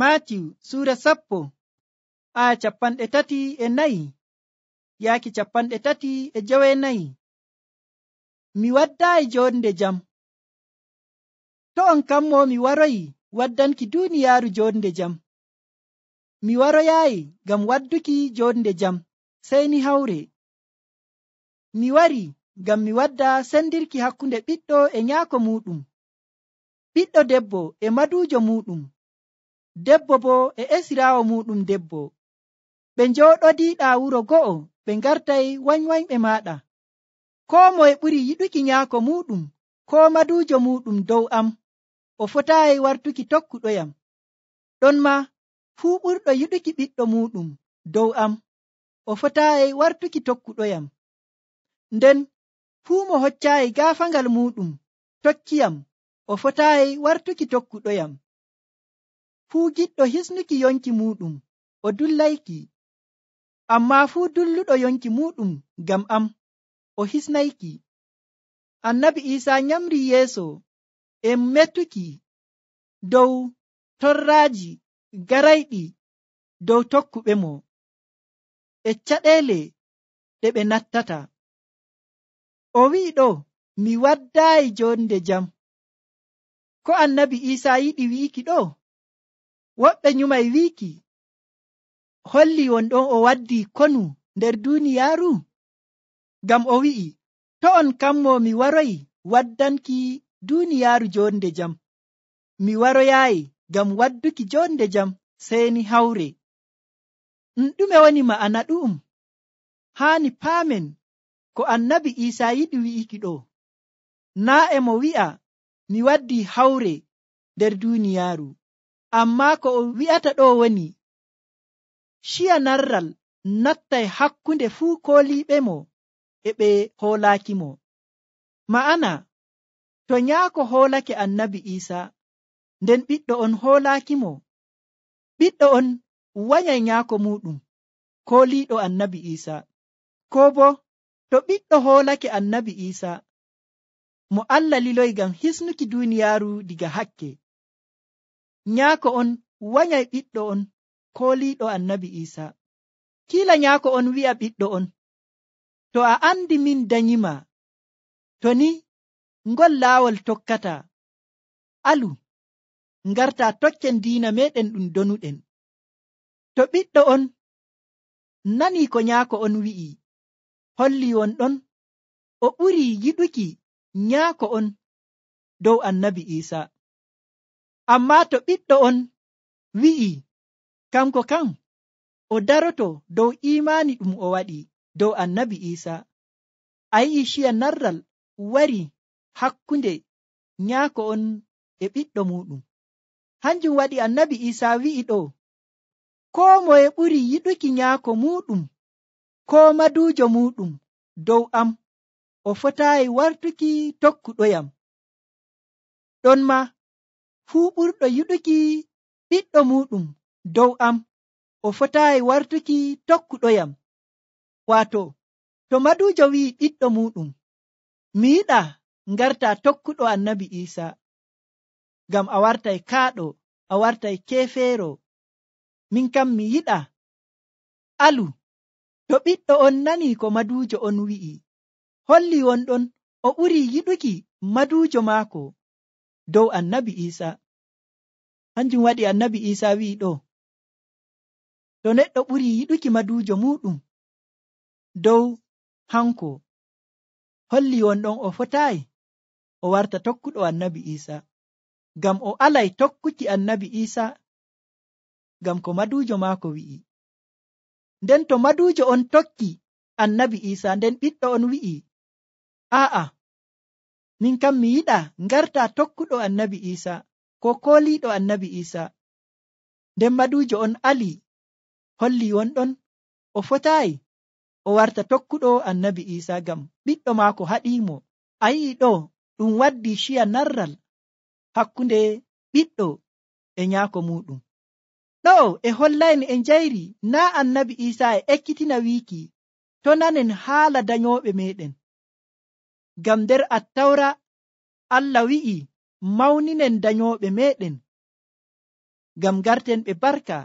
matiw sura sappo a capanɗe tati e nayi yaaki capanɗe tati e jeweenayi mi waddaayi jonde jam to on kammo mi waroyi waddanki duuniyaaru jonde jam mi waroyaayi ngam wadduki jonde jam sey ni hawre mi wari ngam mi wadda sendirki hakkunde ɓiɗɗo e nyaako muɗum ɓiɗɗo debbo e madujo muɗum debbo bo e esiraawo muɗum debbo ɓe njooɗodiiɗaa wuro go'o ɓe ngartay wanywanɓe maaɗa koo moye ɓuri yiɗuki nyaako muɗum koo maduujo muɗum dow am o fotaayi wartuki tokkuɗoyam ɗon ma fuu ɓurɗo yiɗuki ɓiɗɗo muɗum dow am o fotaayi wartuki tokkuɗoyam nden fuu mo hoccaayi gaafangal muɗum tokkiyam o fotaayi wartuki tokkuɗoyam fuu giɗɗo hisnuki yonki muɗum o dullayki amma fuu dulluɗo yonki muɗum ngam am o hisnayki annabi isaa nyamri yeeso e mettuki dow torraaji garayɗi dow tokkuɓe mo e caɗeele ɗe ɓe nattata o wi'i ɗo mi waddaayi jonde jam ko annabi isaa yiɗi wi'iki ɗo woɓɓe nyumay wiiki holli on ɗon o waddi konu nder duuniyaaru ngam o wi'i to on kammo mi waroyi waddanki duuniyaaru joonde jam mi waroyaayi ngam wadduki joonde jam seeni hawre n mm, ɗume woni ma'ana ɗum haani paamen ko annabi iisaa yiɗi wi'iki ɗo naa e mo wi'a mi waddi hawre nder duuniyaaru amma ko o wi'ata ɗo woni shiya narral nattai hakkunde fuu koliɓe mo e ɓe hoolaaki mo ma'ana to nyaako hoolake annabi iisa nden ɓiɗɗo on hoolaaki mo ɓiɗɗo on wanyay nyaako muɗum kooliiɗo annabi iisa ko bo to ɓiɗɗo hoolake annabi iisa mo allah liloy ngam hisnuki duuniyaaru diga hakke nyaako on wanyay ɓiɗɗo on kooliɗo annabi isa kiila nyaako on wi'a ɓiɗɗo on to a andi min danyima to ni ngol laawol tokkata alu ngarta tokken diina meɗen ɗum donuɗen to ɓiɗɗo on nani ko nyaako on wi'i holli won ɗon o ɓuri yiɗuki nyaako on dow annabi isa amma to ɓiɗɗo on wi'i kanko kam o daroto dow imani ɗum o waɗi dow annabi isa a yi'i shiya narral wari hakkunde nyako on e ɓiɗɗo muɗum hanjum waɗi annabi isa wi'i ɗo ko moye ɓuri yiɗuki nyako muɗum ko madujo muɗum dow am o fotayi wartuki tokkuɗoyam ɗon ma fuu ɓurɗo yiɗuki ɓiɗɗo muɗum dow am o fotayi wartuki tokkuɗoyam wato to madujo wi'i ɓiɗɗo muɗum mi yiɗa ngarta tokkuɗo annabi isa ngam a wartai kaaɗo a wartai kefeero min kam mi yiɗa alu to ɓiɗɗo on nani ko madujo on wi'i holli wonɗon o ɓuri yiɗuki madujo maako dow annabi isa hanjum waɗi annabi isa wi'i ɗo to neɗɗo ɓuri yiɗuki madujo muɗum dow hanko holli wonɗon o fotayi o warta tokkuɗo annabi isa ngam o alay tokkuki annabi isa ngam ko madujo maako wi'i nden to madujo on tokki annabi isa nden ɓiɗɗo on wi'i a'a min kam mi yiɗa ngarta tokkuɗo annabi isa ko koliɗo annabi isa nden madujo on ali holli wonɗon o fotayi o warta tokkuɗo annabi isa gam ɓiɗɗo maako haɗimo a yi'i ɗo ɗum waddi shiya narral hakkunde ɓiɗɗo e nyaako muɗum ɗo e hollayni e njayri na annabi isa e ekkitina wiki to nanen haala dayoɓe meɗen ngam nder attawra allah wi'i mawninen dayoɓe meɗen ngam garten ɓe barka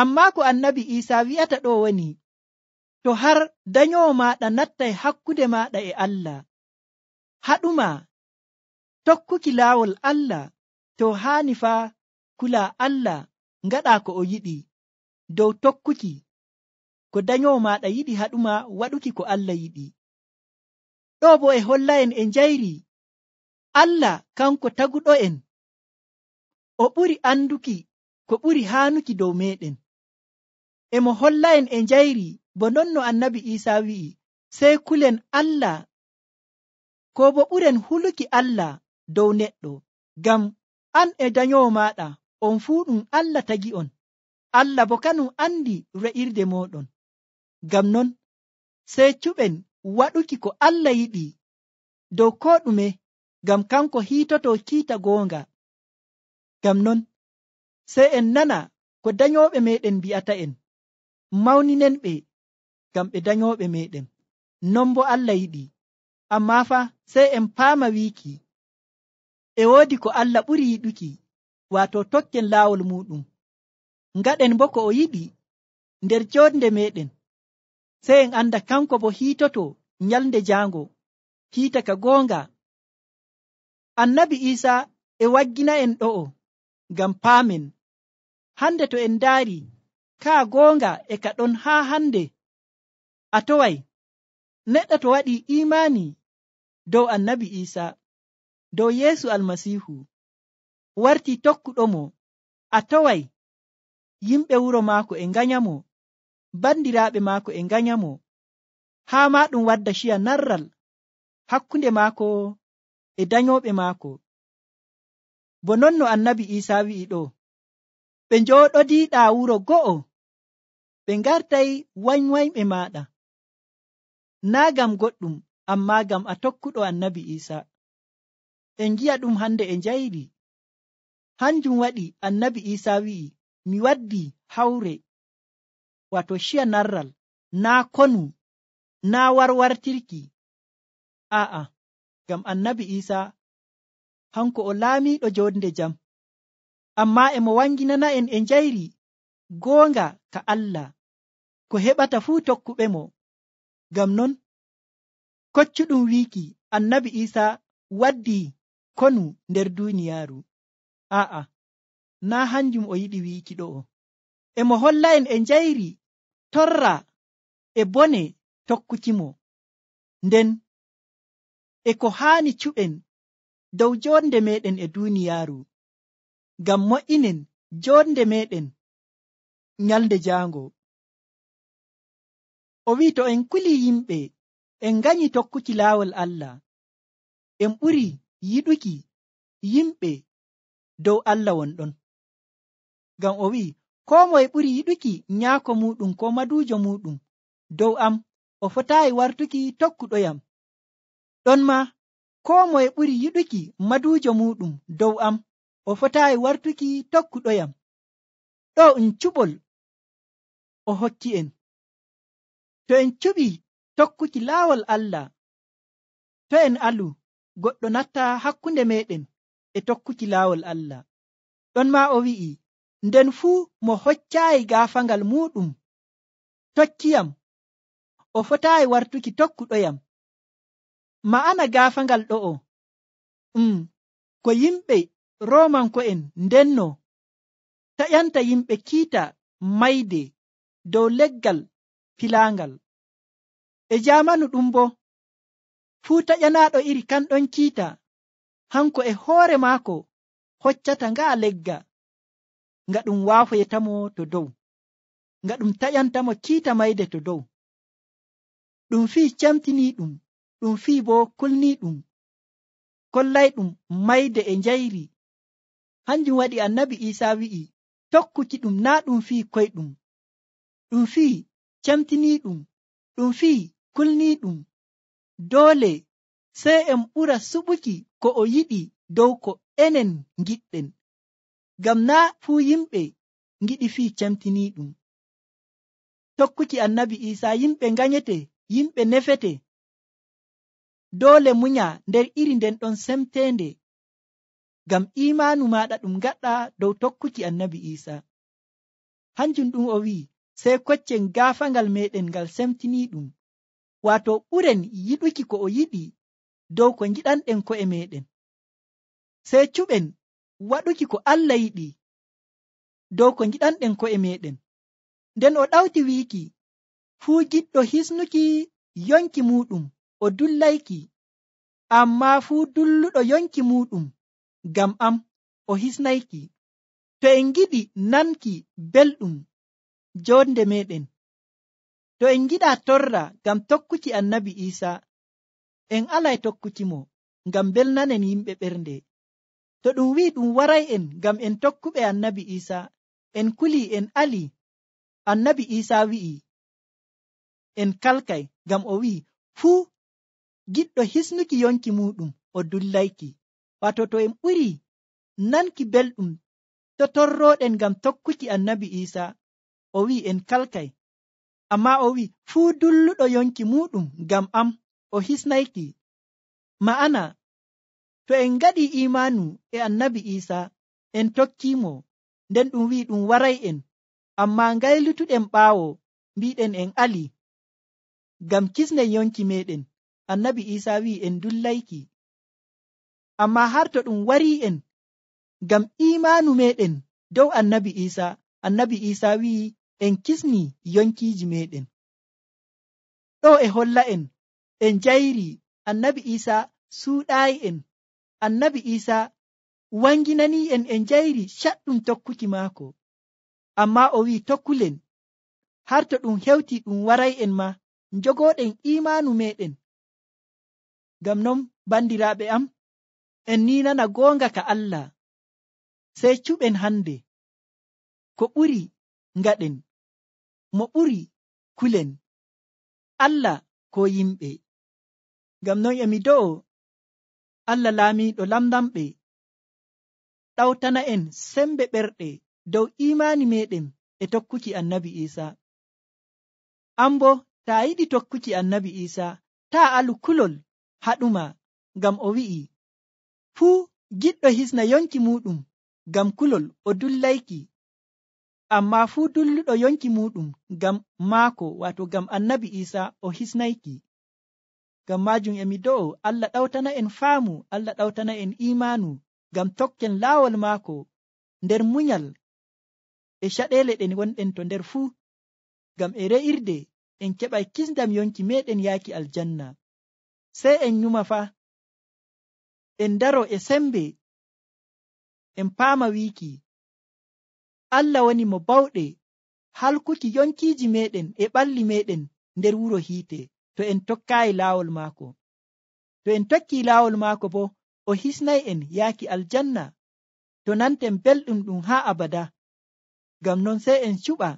amma ko annabi isa wi'ata ɗo woni to har dayowo maɗa nattai hakkunde maɗa e allah haɗuma tokkuki laawol allah to haani fa kula allah ngaɗa ko o yiɗi dow tokkuki ko dayowo maɗa yiɗi haɗuma waɗuki ko allah yiɗi ɗo bo e holla en e njayri allah kanko taguɗo en o ɓuri anduki ko ɓuri hanuki dow meɗen emo holla en e njayri bo nonno annabi isa wi'i sey kulen allah ko bo ɓuren huluki allah dow neɗɗo ngam an e dayowo maɗa on fuu ɗum allah tagi on allah bo kanum andi re'irde moɗon ngam non sey cuɓen waɗuki ko allah yiɗi dow ko ɗume ngam kanko hiitoto kiita goonga ngam non sey en nana ko dayoɓe meɗen mbi'ata en mawninen ɓe ngam ɓe dayoɓe meɗen non bo allah yiɗi amma fa sey en paama wiiki e woodi ko allah ɓuri yiɗuki waato tokken laawol muɗum ngaɗen bo ko o yiɗi nder joɗnde meɗen sey en anda kanko bo hiitoto nyalde jaango hiita ka goonga annabi isa e waggina en ɗo'o ngam paamen hande to en ndaari kaa goonga e ka ɗon haa hande a towai neɗɗo to waɗi imani dow annabi isa dow yeesu almasihu warti tokkuɗo mo a towai yimɓe wuro maako e nganyamo bandiraɓe maako e ganyamo haa ma ɗum wadda shiya narral hakkunde maako e dayoɓe maako bo non no annabi isa wi'i ɗo ɓe njooɗodiɗa wuro go'o ɓe ngartay waywayɓe maɗa naa gam goɗɗum amma gam a tokkuɗo annabi isa en ngi'a ɗum hande e njayri hanjum waɗi annabi isa wi'i mi waddi hawre wato shiya narral na konu na warwartirki a'a gam annabi isa hanko o laamiɗo joɗde jam amma emo wanginana en e njayri goonga ka allah ko heɓata fuu tokkuɓe mo gam non koccuɗum wiiki annabi isa waddi konu nder duniyaaru a'a na hanjum o yiɗi wiiki ɗo'o emo holla en e njayri torra e bone tokkukimo nden e ko haani cu'en dow jonde meɗen e duniyaaru ngam mo'inen jonde meɗen nyalde jaango o wi'i to en kuli yimɓe en nganyi tokkuki laawol allah en ɓuri yiɗuki yimɓe dow allah wonɗon ngam o wi'i ko moye ɓuri yiɗuki nyaako muɗum ko madujo muɗum dow am o fotayi wartuki tokkuɗoyam ɗon ma ko moye ɓuri yiɗuki madujo muɗum dow am o fotayi wartuki tokkuɗoyam ɗo n cuɓol o hokki en to en cuɓi tokkuki laawol allah to en alu goɗɗo natta hakkunde meɗen e tokkuki laawol allah ɗon ma o wi'i nden fuu mo hoccaayi gaafangal muuɗum tokkiyam o fotaayi wartuki tokkuɗoyam ma'ana gaafangal ɗo o um ko yimɓe romanko'en ndenno taƴanta yimɓe kiita mayde dow leggal filaangal e jaamanu ɗum bo fuu taƴanaaɗo iri kanɗon kiita hanko e hoore maako hoccata ngaa legga nga ɗum waafoyetamo to dow nga ɗum taƴantamo kiita mayde to dow ɗum fii camtini ɗum ɗum fii bo kulni ɗum kollay ɗum mayde e njayri hanjum waɗi annabi isaa wi'i tokkuki ɗum naa ɗum fii koyɗum ɗum fii camtini ɗum ɗum fii kulni ɗum doole sey en ɓura suɓuki ko o yiɗi dow ko enen giɗɗen ngam na fuu yimɓe ngiɗi fii camtinii ɗum tokkuki annabi iisaa yimɓe nganyete yimɓe nefete doole munya nder iri nden ɗon semteende ngam iimaanu maaɗa ɗum ngaɗɗa dow tokkuki annabi iisaa hanjum ɗum o wi'i sey koccen gaafangal meɗen ngal semtinii ɗum waato ɓuren yiɗuki ko o yiɗi dow ko ngiɗanɗen ko'e meɗen sey cuɓen waɗuki ko allah yiɗi dow ko giɗanɗen ko e meɗen nden o ɗawti wi'iki fuu giɗɗo hisnuki yonki muɗum o dullayki amma fuu dulluɗo yonki muɗum ngam am o hisnayki to en giɗi nanki belɗum jonde meɗen to en giɗa torra ngam tokkuki annabi isa en alay tokkuki mo ngam belnanen yimɓe ɓernde to ɗum wi ɗum waray en ngam en tokkuɓe annabi isa en kuli en ali annabi isa wi'i en kalkay ngam o wi'i fuu giɗɗo hisnuki yonki muɗum o dullayki wato to en ɓuri nanki belɗum to torroɗen ngam tokkuki annabi isa o wi'i en kalkay amma o wi'i fuu dulluɗo yonki muɗum ngam am o hisnayki ma'ana to en ngaɗi imanu e annabi isa en tokkimo nden ɗum wi ɗum waray en amma ngaylituɗen ɓaawo mbiɗen en ali ngam kisne yonki meɗen annabi isa wi en dullayki amma har to ɗum wari en ngam imanu meɗen dow annabi isa annabi isa wi en kisni yonkiji meɗen ɗo e holla en en jayri annabi isa suuɗayi en annabi isa wanginani en en jayri shaɗɗum tokkuki maako amma o wi'i tokkulen har to ɗum hewti ɗum waray en ma jogoɗen imanu meɗen gam non bandiraɓe am en ninana gonga ka allah sey cuɓen hande ko ɓuri ngaɗen mo ɓuri kulen allah ko yimɓe gam non emi do'o allah laamiɗo lamdamɓe ɗawtana en sembe ɓerɗe dow imani meɗen e tokkuki annabi isa ambo ta a yiɗi tokkuki annabi isa ta alukulol haɗuma ngam o wi'i fuu giɗɗo hisna yonki muɗum ngam kulol o dullayki amma fuu dulluɗo yonki muɗum ngam maako wato ngam annabi isa o hisnayki gam majum emi do'o allah ɗawtana en faamu allah ɗawtana en imanu gam tokken laawol maako nder munyal e caɗele ɗen wonɗen to nder fuu gam e re'irde en keɓa kisdam yonki meɗen yaaki aljanna sey en yuma fa en daro e sembe en paama wiiki allah woni mo bawɗe halkuki yonkiiji meɗen e ɓalli meɗen nder wuro hiite to en tokkayi laawol maako to en tokki laawol maako bo o hisnay en yaaki aljanna to nanten belɗum ɗum haa abada ngam non sey en cuɓa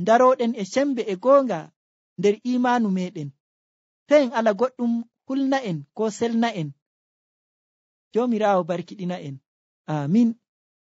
ndaroɗen e sembe e goonga nder imanu meɗen to en ala goɗɗum hulna en ko selna en jomirawo barkiɗina en amin